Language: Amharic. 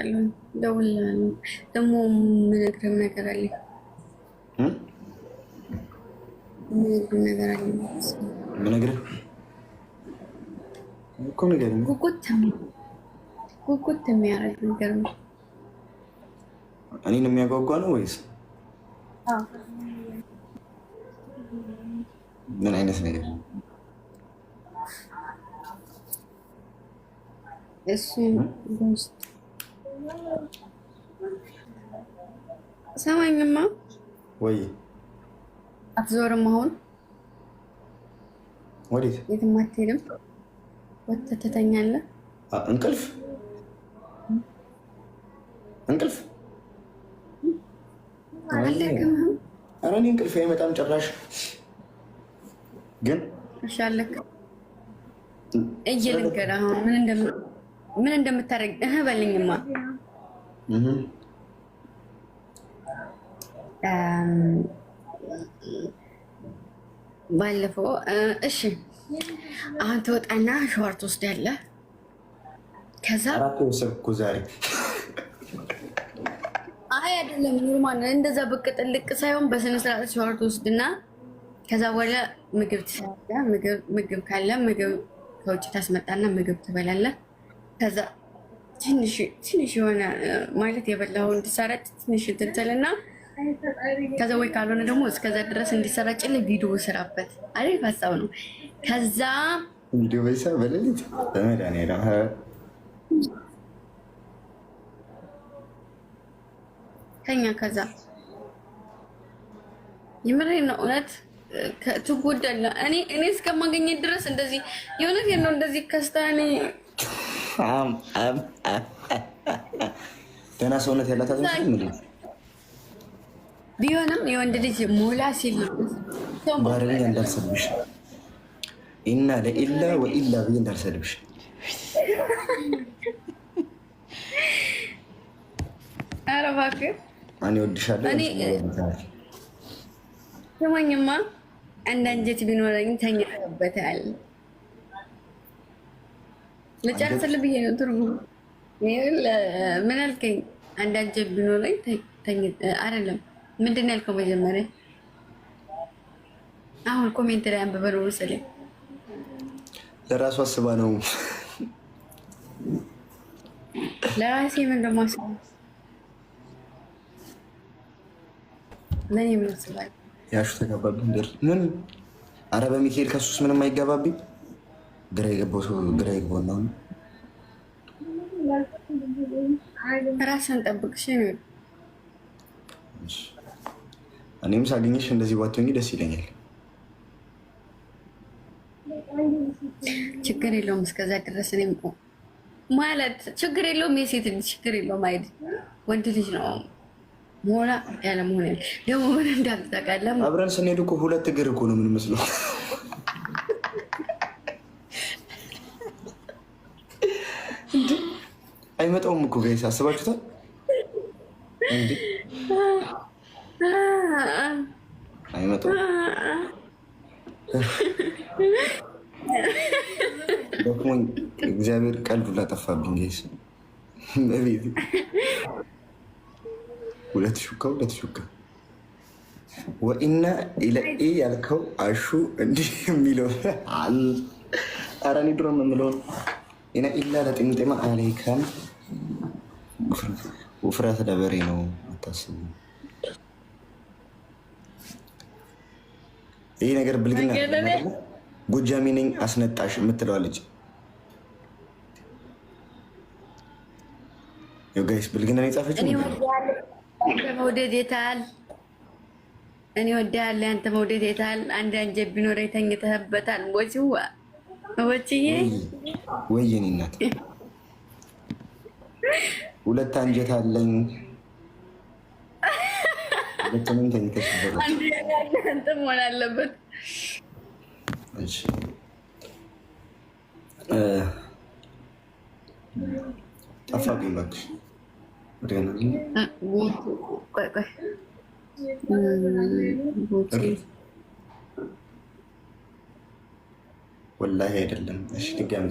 አመጣለሁ። እደውልልሃለሁ። ደግሞ የምነግርህ ነገር አለኝ። የምነግርህ ነገር አለኝ። የምነግርህ እኮ ነገር ጉጉት የሚያደርግ ነገር ነው። እኔን የሚያጓጓ ነው ወይስ ምን አይነት ነገር? እሱን ሰማኝማ ወይ አትዞርም? አሁን ወዴት የትም አትሄድም? ወጥተህ ትተኛለህ። እንቅልፍ እንቅልፍ ኧረ እኔ እንቅልፍ አይመጣም ጭራሽ። ግን እሻለክ እየልንገር አሁን ምን እንደምታደርግ በልኝማ ባለፈው እሺ፣ አሁን ትወጣና ሸዋር ትወስዳለህ። ከዛ ሰብኩ ዛሬ አይ አይደለም፣ ኖርማል እንደዛ ብቅ ጥልቅ ሳይሆን በስነ ስርዓት ሸዋር ትወስድና ከዛ በኋላ ምግብ ትሰራለህ። ምግብ ካለ ምግብ ከውጭ ታስመጣና ምግብ ትበላለህ። ከዛ ትንሽ የሆነ ማለት የበላው እንዲሰረጭ ትንሽ እንትን ስልና ከዛ ወይ ካልሆነ ደግሞ እስከዛ ድረስ እንዲሰራጭልኝ ቪዲዮ ስራበት። አሪፍ ሀሳብ ነው። ከዛ ቪዲዮ በሳ በሌሊት በመዳኔ በመድኃኒዓለም ተኛ። ከዛ የምሬ ነው እውነት ትጎዳለህ። እኔ እኔ እስከማገኘት ድረስ እንደዚህ የእውነት ነው እንደዚህ ከስታኔ ደህና um, uh, ሰውነት ያላት ቢሆንም የወንድ ልጅ ሞላ ሲል ባህሪ እንዳልሰልብሽ ኢና ለኢላ ወኢላ ብዬ እንዳልሰልብሽ ኧረ እባክህ እኔ እወድሻለሁ። ስማኝማ አንድ አንጀት ቢኖረኝ ተኛበታል። ልጨርስልህ ብዬ ነው። ትርጉም ምን አልከኝ? አንዳንጀ ጀብ ቢኖረኝ አይደለም ምንድን ነው ያልከው? መጀመሪያ አሁን ኮሜንት ላይ አንብበን መሰለኝ ለራሱ አስባ ነው ለራሴ ምን ደሞ አስባ ምን ይመስላል ያሹ ተጋባቢ ምን አረ በሚካኤል ከሱስ ምንም አይገባብኝ ግራ የገባው ነው። ራስን ጠብቅሽ። እኔም ሳገኘሽ እንደዚህ ባትሆኚ ደስ ይለኛል። ችግር የለውም። እስከዛ ድረስ እኔም ማለት ችግር የለውም። የሴት ልጅ ችግር የለውም። አይ ወንድ ልጅ ነው መሆና ያለመሆን ደግሞ ምን እንዳልጠቃለ አብረን ስንሄድ እኮ ሁለት እግር እኮ ነው የምንመስለው አይመጣውም እኮ ጋይስ አስባችሁታል። አይመጣውም እግዚአብሔር ቀልዱ ላጠፋብኝ ጋይስ በቤት ሁለት ሹካ ሁለት ሹካ ወኢና ኢለኢ ያልከው አሹ እንዲህ የሚለው አረኒ ድሮ የምለው ነው ኢና ኢላ ለጥምጥም አለይከን ውፍረት ለበሬ ነው አታስቡ። ይህ ነገር ብልግና ጎጃሚ ነኝ አስነጣሽ የምትለዋለች ጋይስ ብልግና የጻፈች መውደድ የታል? እኔ ወዳለ አንተ መውደድ የታል? አንድ አንጀብ ቢኖረ ተኝተህበታል ወሲዋ ወጭዬ ወይኔ እናት ሁለት አንጀት አለኝ። ሁለቱንም ተኝተሽበታል። መሆን አለበት። ጠፋብኝ እባክሽ። ቆይ ቆይ ወላሂ አይደለም። እሺ ድጋሚ